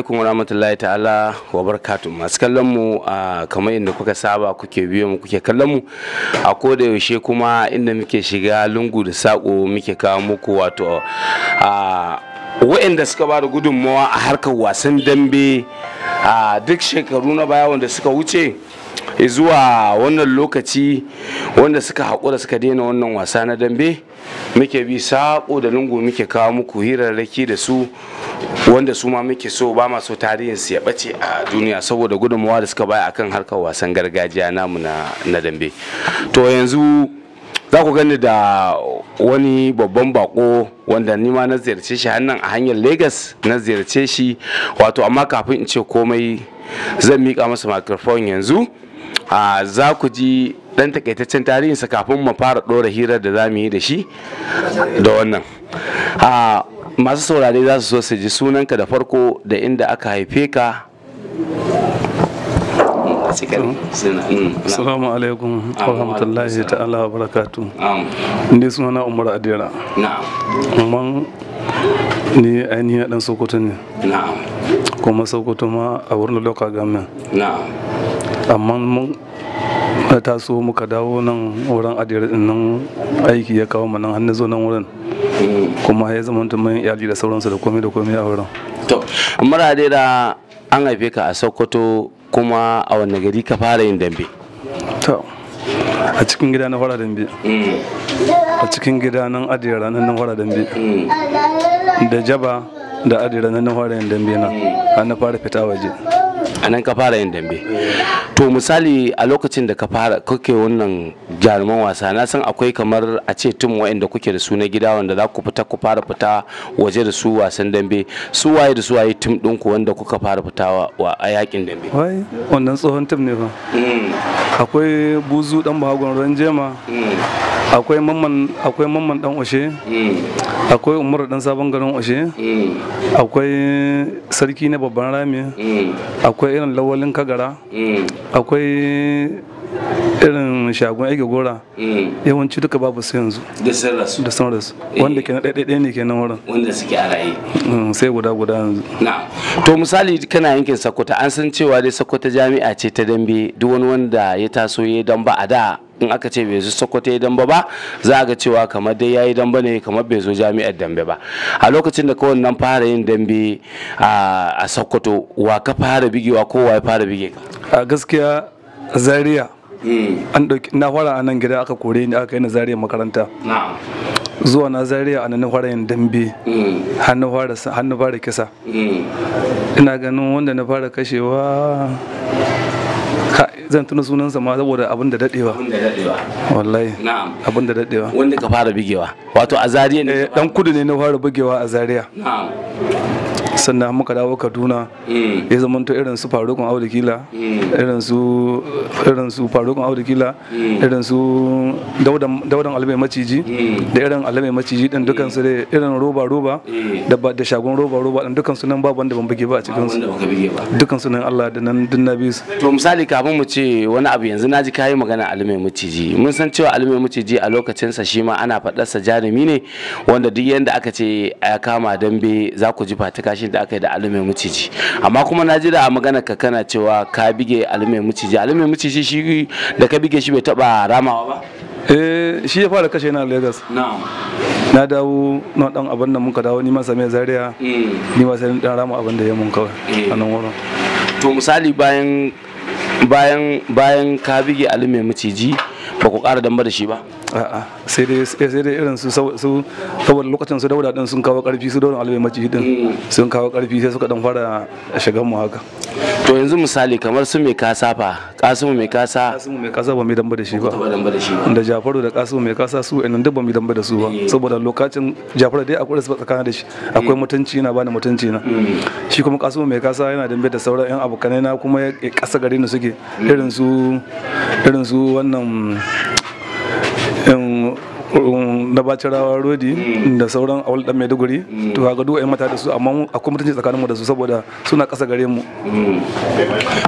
alaikum warahmatullahi ta'ala wa barakatuh masu kallon mu kamar inda kuka saba kuke biyo mu kuke kallon mu a koda yaushe kuma inda muke shiga lungu da sako muke kawo muku wato waɗanda suka ba da gudunmawa a harkar wasan dambe a duk shekaru na baya wanda suka wuce zuwa wannan lokaci wanda suka haƙura suka daina wannan wasa na dambe muke bi saƙo da lungu muke kawo muku hirarraki da su wanda su ma muke so ba maso tarihin su ya bace a duniya saboda gudunmawa da suka baya akan harkar wasan gargajiya namu na dambe to yanzu za ku gani da wani babban bako wanda ni ma na ziyarce shi hannan a hanyar lagos na ziyarce shi wato amma kafin in ce komai zan miƙa masa microphone yanzu ah, za ku ji dan takaitaccen tarihinsa kafin mu fara ɗora hirar da za mu yi da shi da wannan ah, masu saurare za su so su ji sunanka da farko da inda aka haife ka Assalamu alaikum wa rahmatullahi ta'ala wa barakatu. Ni sunana Umar Adira. Na'am. ni ainihin dan Sokoto ne. Na'am. Kuma Sokoto ma a wurin local government. Na'am. Amma mun na taso muka dawo nan wurin adiyar nan aiki ya kawo nan hannu zo nan wurin kuma ya zama mutum iyali da sauransu da komai da komai a wurin to mara da an haife ka a sokoto kuma a wani gari ka fara yin dambe to a cikin gida na fara dambe a cikin gida nan adiyar ranar nan fara dambe da jaba da adiyar ranar nan fara yin dambe na an na fara fita waje a nan ka fara yin dambe to misali a lokacin da ka fara kake wannan jaruman wasa na san akwai kamar a ce tun wa'anda kuke da su na gida wanda za ku fita ku fara fita waje da su wasan dambe su waye da su waye tim ɗinku wanda kuka fara wa a yakin dambe wai wannan tsohon tim ne ba mm. akwai buzu dan bahagon ranjema mm. akwai mamman akwai mamman dan ushe mm. akwai umaru dan sabon garin ushe mm. akwai sarki na babban rami mm. akwai irin lawalin kagara akwai irin shagon aiki gora mm. yawanci duka babu su yanzu da sun rasu eh. wanda ke na ɗaiɗaiɗaya ne ke nan wurin wanda suke a raye mm, sai guda guda yanzu na to misali kana yankin sakkwato an san cewa dai sakkwato jami'a ce ta dambe duk wani wanda ya taso ya damba a da in aka ce bai zo sokoto ya damba ba za a ga cewa kamar dai ya yi damba ne kamar bai zo jami'ar dambe ba a lokacin da ka wannan fara yin dambe a sokoto wa ka fara bigewa ko wa ya fara bige ka a gaskiya zaria Hmm. an dauki na fara a nan gida aka kore ni aka yi na zariya makaranta zuwa na zariya a nan fara yin dambe hmm. hannu fara kisa hmm. ina ganin wanda na fara kashewa zan tuna sunansa ma saboda abin da dadewa wallahi abin da dadewa wanda ka fara bigewa wato a zariya ne dan eh, kudu ne na fara bigewa a zariya sannan muka dawo kaduna mm. ya zama to irin su farukun audu kila mm. irin su irin su farukun audu kila mm. irin su daudan almai maciji da irin almai maciji din dukan su da irin roba roba da shagon roba roba din dukan su nan babu wanda ban buge ba a cikin su dukan su nan Allah da nan din na biyu to misali kafin mu ce wani abu yanzu naji kai magana almai maciji mun san cewa almai maciji a lokacin sa shi ma ana faɗarsa jarumi ne wanda duk yanda aka ce ya kama dambe za ku ji fatika shi da aka yi da alumai miciji amma kuma na ji da magana ka kana cewa ka bige alumai miciji alumai miciji shi da ka bige shi bai taba ramawa ba eh shi ya fara kashe na Lagos na dawo na dan abin da muka dawo ni same zaria mm. ni ma sai dan rama abin da ya mun kawai eh. a nan wurin to misali bayan bayan bayan ka bige alumai miciji ba ku ƙara damba da shi ba a'a sai dai irin su saboda lokacin su dauda din sun kawo karfi su dauda albai maciji din mm. sun kawo karfi sai suka dan fara shigan mu haka to yanzu misali kamar su mai kasa fa kasu mai kasa kasu mai kasa ba mai damba da shi ba da jafaru da kasimu mai kasa su ɗan duk ba mai damba da su ba eh. saboda lokacin jafaru dai akwai su tsakanin da shi eh. akwai mutunci na bani mutunci na hmm. shi kuma kasu mai kasa yana dambe da sauran yan abokanai na kuma ya kasa gari ni suke hmm. irin su irin su wannan na bacirawa rodi da sauran awal da maiduguri mm. to ga duk mata da su amma akwai mutunci tsakaninmu da su saboda suna ƙasa gare mu mm.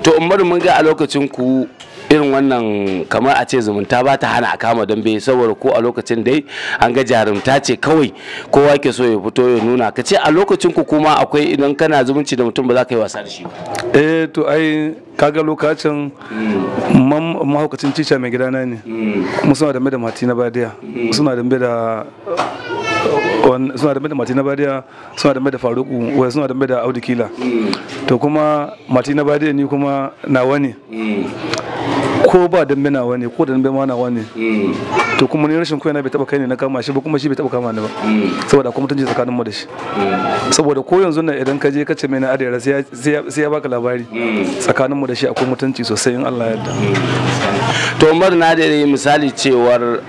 to umaru mun ga a lokacin ku irin wannan kamar a ce zumunta ba ta hana a kama don bai saboda ko a lokacin dai an ga jarumta ce kawai kowa ke so ya fito ya nuna ka ce a lokacin ku kuma akwai idan kana zumunci da mutum ba za ka yi wasa da shi ba eh to ai kaga lokacin hmm. mahaukacin cica mai gidana ne hmm. musamman mai da mati na badiya hmm. suna mai da suna mai da na badiya suna mai da faruku wai suna mai da audu kila to kuma mati na badiya ni kuma nawa ne ko ba dan mina wani ko dan bai mana wani mm. to kuma ni rashin koyana bai taba kai ne na kama shi ba kuma shi bai taba kama ni ba mm. saboda kuma tunje tsakanin mu da shi mm. saboda ko yanzu nan idan ka je ka ce mai na adira sai ya baka labari tsakanin mu da shi akwai mutunci sosai in Allah ya yarda to Umar na da misali cewar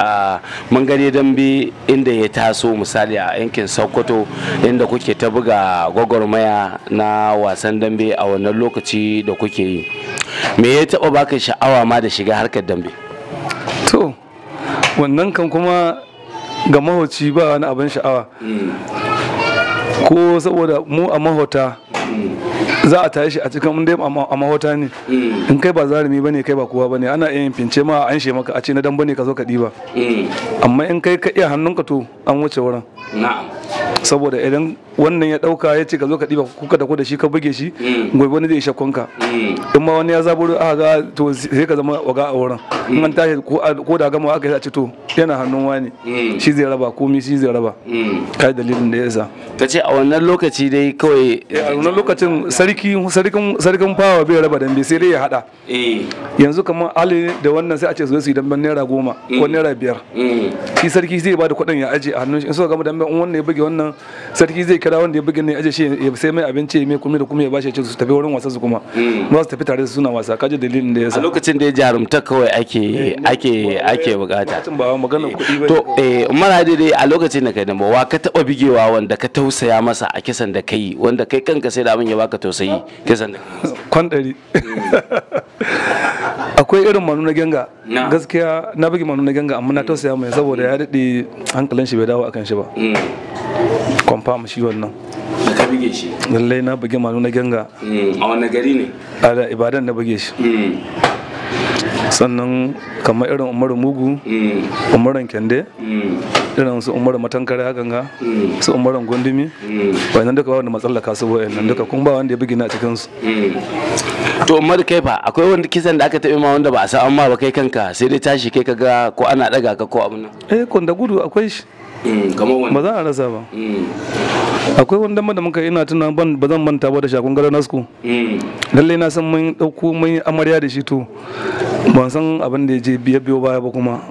mun gani dambe inda ya taso misali a yankin Sokoto inda kuke ta buga gwagwarmaya na wasan dambe a wannan lokaci da kuke yi me ya taba baka sha'awa ma da shiga harkar dambe to wannan kan kuma ga mahauci ba wani abin sha'awa mm. ko saboda mu a mahauta mm. za a tashi a cikin inda a mahauta ne mm. in kai ba zarumi bane kai ba kowa bane ana yin fince ma an she maka a ce na dan bane ka zo ka diba amma in kai ka iya hannunka to an wuce wurin saboda idan wannan ya dauka ya ce ka zo ka diba kuka da da shi ka buge shi mm. gobe wani zai shakkon ka mm. in ma wani ya zaburo aka ga to sai ka zama waga a wurin mm. in tashi ko da gama aka yi a ce to yana hannun wani shi zai raba komi shi zai raba kai dalilin da ya sa ka ce a wannan lokaci dai kawai eh, a wannan lokacin sarki sarkin sarkin fawa bai raba dambe sai dai ya hada eh. yanzu kamar ali da wannan sai a ce su su ban naira goma ko naira biyar shi sarki zai ba da kuɗin ya aje a hannun shi in suka gama damben in wannan ya buge wannan sarki zai kira wanda ya bugin ne aje shi ya sai mai abinci mai kuma da kuma ya bashi su tafi wurin wasa su kuma hmm. ba su tafi tare da suna wasa kaje dalilin da yasa a lokacin da ya jarumta kawai ake eh. ake ake bukata eh. to eh umar hadi dai a lokacin da kai da wa ka taba bigewa wanda ka tausaya masa a kisan da kai wanda kai kanka sai da abin ya baka tausayi kisan da kwan dari hmm. akwai irin manuna ganga gaskiya na bugi manuna ganga amma na tausaya mai saboda ya dade hankalin shi bai dawo akan shi ba hmm. kwamfam shi wannan ka buge shi lallai na buge malu na ganga hmm, a wani gari ne a ibadan na buge shi hmm. sannan kamar irin umaru mugu hmm. umaran kende irin su umaru matankara hakan ga su umaran gundumi wannan duka wanda matsallaka su wayan nan duka kun ba wanda ya bugi na cikin su to umar kai fa akwai wanda kisan da aka taɓa ma wanda ba a san amma ba kai kanka sai dai tashi kai kaga ko ana daga ka ko abin nan eh kun da gudu akwai shi Mm, ba za a rasa ba mm. akwai wani dama da muka ina tuna ban ba zan manta ba da shakun gara nasku mm. lallai na san mun dauko mun yi amarya da shi to ban san abin da ya je biyo baya ba kuma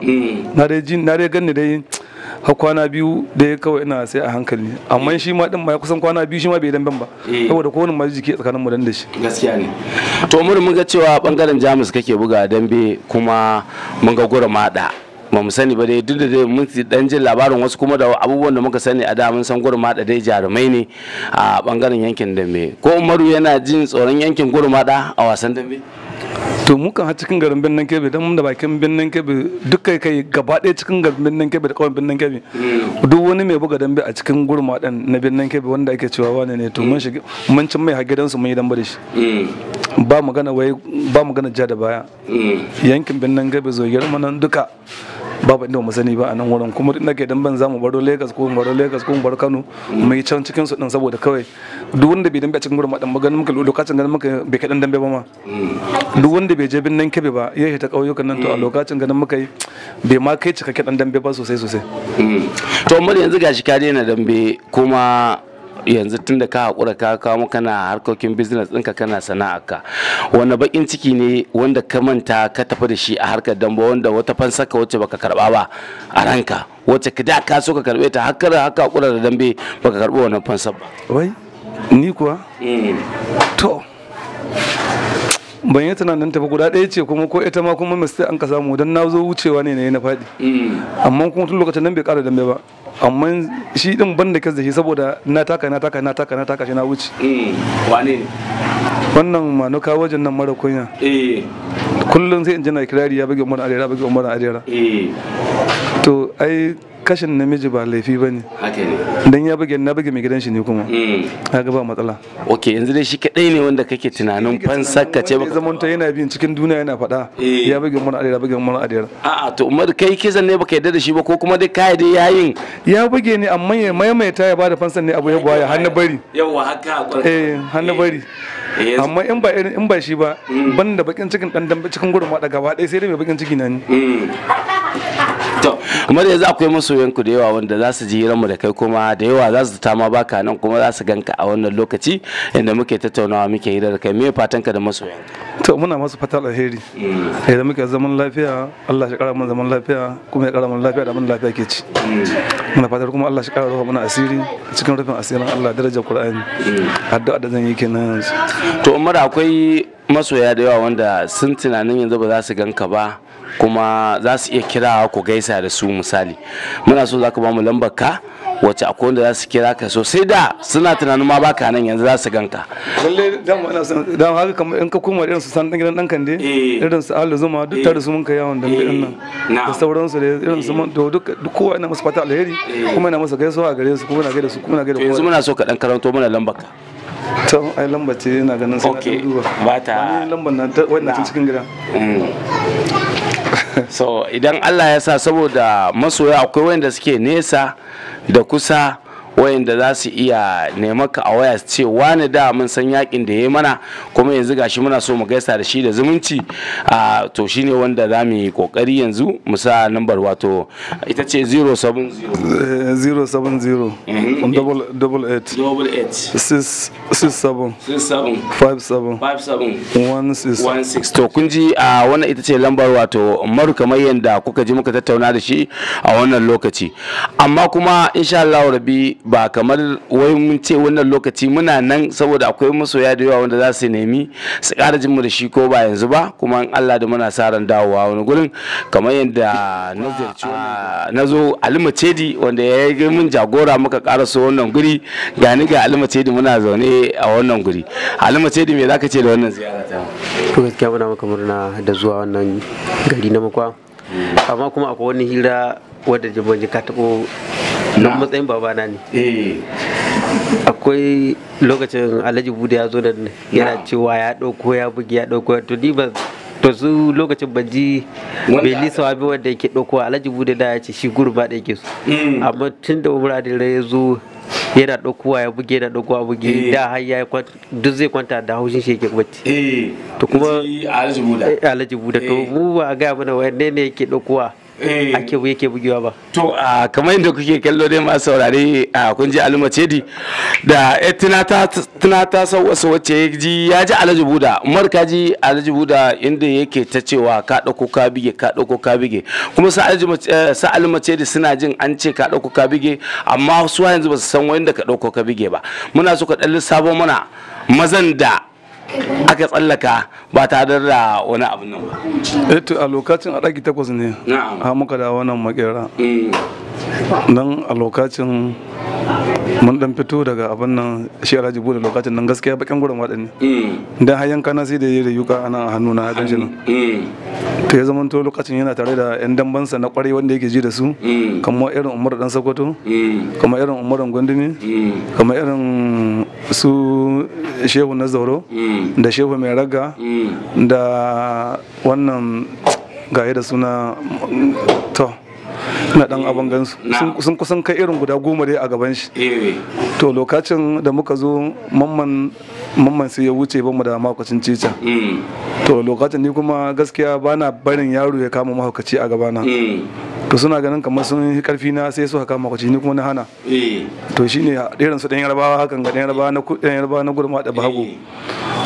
na dai jin na dai ganni dai har kwana biyu da ya kawai ina sai a hankali amma shi ma din ma kusan kwana biyu shi ma bai dan ban ba saboda kowane ma jiki tsakanin mu dan da shi gaskiya ne to mun mun ga cewa bangaren Jamus kake buga dambe kuma mun ga gura mada ba mu sani ba dai duk da dai mun dan jin labarin wasu kuma da abubuwan da muka sani a da mun san da dai jarumai ne a bangaren yankin dambe ko umaru yana jin tsoron yankin da a wasan dambe to mu kan cikin garin birnin kebe don mun da bakin birnin kebe duk kai kai gaba ɗaya cikin garin birnin kebe da kawai birnin kebe hmm. duk wani mai buga dambe a cikin gurma ɗan na birnin kebe wanda ake cewa wane ne to mun hmm. shiga mun cin mai hagidan su mun yi dambe da shi hmm. ba magana wai ba magana ja da baya yankin birnin kebe zo girma nan duka babu inda mu sani ba a nan wurin kuma duk nake dan ban zamu baro Lagos ko baro Lagos ko baro Kano Mai can cikin su din saboda kawai duk wanda bai dambe a cikin gurin madan maganin muka lokacin ganin muka bai kadan dambe ba ma duk wanda bai je bin nan kebe ba yayi ta kauyukan nan to a lokacin ganin muka yi bai ma kai cikakken dan dambe ba sosai sosai hmm. to amma yanzu gashi ka daina dambe kuma yanzu tun da ka haƙura ka kawo kana harkokin business ɗinka kana sana'arka wanda baƙin ciki ne wanda ka manta ka tafi da shi a harkar damba wanda wata fansaka wacce baka karɓa ba a ranka wacce ka da ka so ka karɓe ta har haka haƙura da dambe baka karɓi wannan fansar ba wai ni kuwa eh. to ban yi tunanin tafi guda ɗaya ce kuma ko ita ma kuma mistake an ka samu don na zo wucewa ne na yi na faɗi eh. amma kuma tun lokacin nan bai ƙara dambe ba amma shi din ban da kai da shi saboda na taka na taka na taka na taka shi na wuce eh, wane wannan manuka wajen nan mara kunya eh. kullum sai in ji na kirari ya bugi umar arera bugi umar arera eh. to ai kashin namiji ba laifi ba ne don ya buge na buge mai gidan shi ne kuma ya hmm. ba matsala ok yanzu dai shi kadai ne wanda kake tunanin fansarka ce ba zaman ta yana bin cikin duniya yana faɗa eh. ya buge mun adira buge mun adira a'a to umar kai kizan ne baka yarda da shi ba ko kuma dai kai dai yayin ya buge ne amma ya maimaita ya bada fansan ne abu ya buwaya hannu bari yawa haka eh har eh. bari eh, amma in ba irin in ba shi ba hmm. Banda bakin cikin dan dan cikin gurin ma da gaba ɗaya sai dai mai bakin ciki na ni hmm. to kuma yanzu akwai masoyan ku da yawa wanda za su ji hirar mu da kai kuma da yawa za su ta ma baka nan kuma za su ganka a wannan lokaci inda muke tattaunawa muke hira da kai me fatan ka da masoyan to muna masu fata alheri idan mm. muke zaman lafiya Allah shi kara mana zaman lafiya kuma ya kara mana lafiya da mun lafiya ke ci mm. muna fatar kuma Allah shi kara ruwa mana asiri cikin rufin asirin Allah darajar Qur'ani mm. addu'a da zan yi kenan to Umar akwai masoya da yawa wanda sun tunanin yanzu ba za su ganka ba kuma za su iya kira ku gaisa da su misali muna so za ka ba mu lambar ka wacce akwai wanda za su kira ka sosai da suna tunanin ma baka nan yanzu za su ganka lalle dan ina san dan haka kamar in ka koma irin su san dan gidan dan kande eh. irin su Allah zuma duk tare su mun kai yawon dan gidan nan eh. da su da irin su mun to duk duk kowa ina masa fata alheri eh. kuma ina masa gaisuwa gare su kuma na gaida su kuma ina gaida kowa yanzu muna so ka dan karanto mana lambar ka to ai lambar ce ina ganin sai na duba ba ta lambar nan wannan cikin gida mm. so idan allah ya sa saboda masoya akwai wanda suke nesa da kusa wayanda za su iya nema ka a waya su ce wani da mun san yakin da ya mana kuma yanzu gashi muna so mu gaisa da shi da zumunci a to shine wanda za mu yi kokari yanzu mu sa number wato ita ce 070 070 eh, mhm. double eight double eight six six six seven five five one six one six to kun ji a wannan ita ce lambar wato maru kamar yadda kuka ji muka tattauna da shi a wannan lokaci amma kuma insha Allah rabi ba kamar wai mun ce wannan lokaci muna nan saboda akwai masoya da yawa wanda za su nemi su ƙara jin mu da shi ko ba yanzu ba kuma in Allah da muna sa ran dawowa wani gurin kamar yadda na ziyarci na zo Alima Cedi wanda ya yi mun jagora muka ƙara so wannan guri ga ni ga Alima Cedi muna zaune a wannan guri Alima Cedi me zaka ce da wannan ziyara ta to gaskiya muna maka murna da zuwa wannan gari na makwa hmm. amma kuma akwai wani hira wadda jibban ka taɓo don matsayin babana ne eh. akwai lokacin alhaji bude ya zo da yana cewa ya ɗauko ya bugi ya ɗauko to ni ba to su lokacin ban ji bai nisa wa bi wanda yake ɗauko alhaji bude da ya ce shi gurba da yake su mm. amma tun da Umar da ya zo yana ɗaukowa ya buge yana ɗaukowa buge eh. da har ya duk zai kwanta da haushin shi yake bacci eh. to kuma alhaji buda to mu ba a gaya mana wanne ne yake ɗaukowa Eh, ake bu yake bugewa ba to a kamar yadda kuke kallo dai masu saurare a kun ji aluma cedi da tana ta wasu wacce ya ji ya ji alhaji buda umar ka ji alhaji buda inda yake ta cewa ka ɗauko ka bige ka dauko ka bige kuma sa aluma eh, cedi suna jin an ce ka ɗauko ka bige amma su yanzu ba su san wanda ka ɗauko ka bige ba muna so ka ɗan lissafo mana mazan da aka tsallaka ba tare da wani abin nan ba eh to a lokacin a ɗaki takwas ne a muka da wannan makera mm. don a lokacin mun dan fito daga abin nan shi alhaji bude lokacin nan gaskiya bakin gurin waɗanne mm. dan har yanka na sai da yi yuka ana hannu na hakan shi nan mm. to ya zama to lokacin yana tare da yan dambansa na kwarai wanda yake ji da su kamar irin umar dan sokoto kamar irin Umar gwandumi kamar irin su shehu na zauro mm. da shehu mai raga mm. da wannan gaye da suna to na dan abin gansu sun kusan kai irin guda goma dai a gaban shi eh. to lokacin da muka zo mamman sai ya wuce bamu da makwacin cica mm. to lokacin ni kuma gaskiya bana barin yaro ya kama mahaukaci a gabana to suna ganin kamar sun yi karfi na sai su haka makwaci ni kuma na hana eh. to shine irin su dan yarbawa hakan ga ɗan yarbawa na ɗan yarbawa na gurma da bahago eh.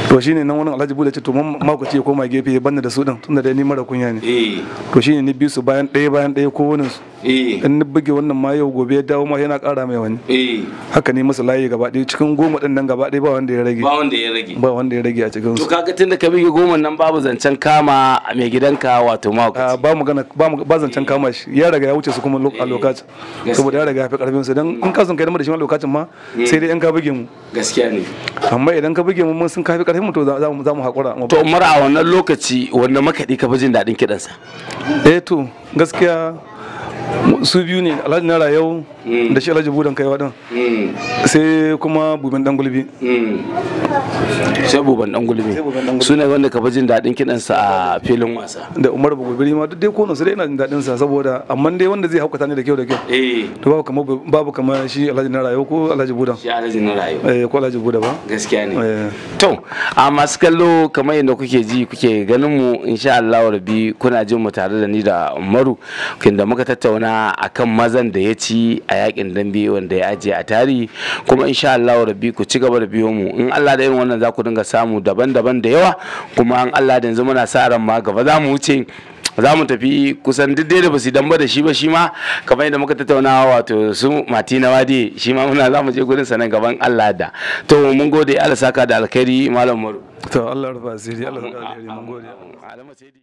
to shine nan wani alhaji bude ce to mun makwaci ya koma gefe ya da su din tunda dai ni mara kunya ne eh. to shine ni biyu su bayan ɗaya bayan ɗaya ko wani su Eh. in ni buge wannan ma yau gobe ya dawo ma yana kara mai wani eh. haka ne masa layi gaba ɗaya cikin goma ɗin nan gaba ɗaya ba wanda ya rage ba wanda ya rage ba wanda ya rage a cikin to kaga tunda ka bi goma nan babu zancen kama mai gidanka wato ma ah, ba mu gana ba zancen eh. kama shi ya riga ya wuce su kuma a lokacin saboda ya riga ya fi karfin su dan in ka sun kai da shi a lokacin ma sai dai in ka buge mu gaskiya ne amma idan ka buge mu mun sun kafi karfin mu to za mu haƙura to mara a wannan lokaci wanda makaɗi ka fi jin daɗin kiɗansa eh to gaskiya su biyu ne alhaji na rayau Mm. da shi alhaji budan kaiwa din mm. sai kuma buben dan gulbi mm. sai buben dan gulbi su ne wanda ka jin daɗin kiɗansa a filin wasa da umar bugubiri ma duk dai kono su dai ina jin daɗin sa saboda amma dai wanda zai haukata ne da kyau da kyau eh. to babu kamar babu kamar shi alhaji na rayo ko alhaji budan shi alhaji na rayo eh ko alhaji buda ba gaskiya ne eh. to a masu kallo kamar yadda kuke ji kuke ganin mu insha Allah rabbi kuna jin mu tare da ni da Umaru kin da muka tattauna akan mazan da ya ci a a yakin dambe wanda ya ajiye a tarihi kuma insha Allah rabbi ku ci gaba da biyo mu in Allah da irin wannan za ku dinga samu daban-daban da yawa kuma an Allah da yanzu muna sa ran ma gaba za mu wuce za mu tafi kusan duk da ba su damba da shi ba shi ma kamar yadda muka tattauna wato su matina wadi shi ma muna za mu je gurin sanan gaban Allah da to mun gode Allah saka da alkhairi malam to Allah rufa asiri Allah saka alkhairi mun gode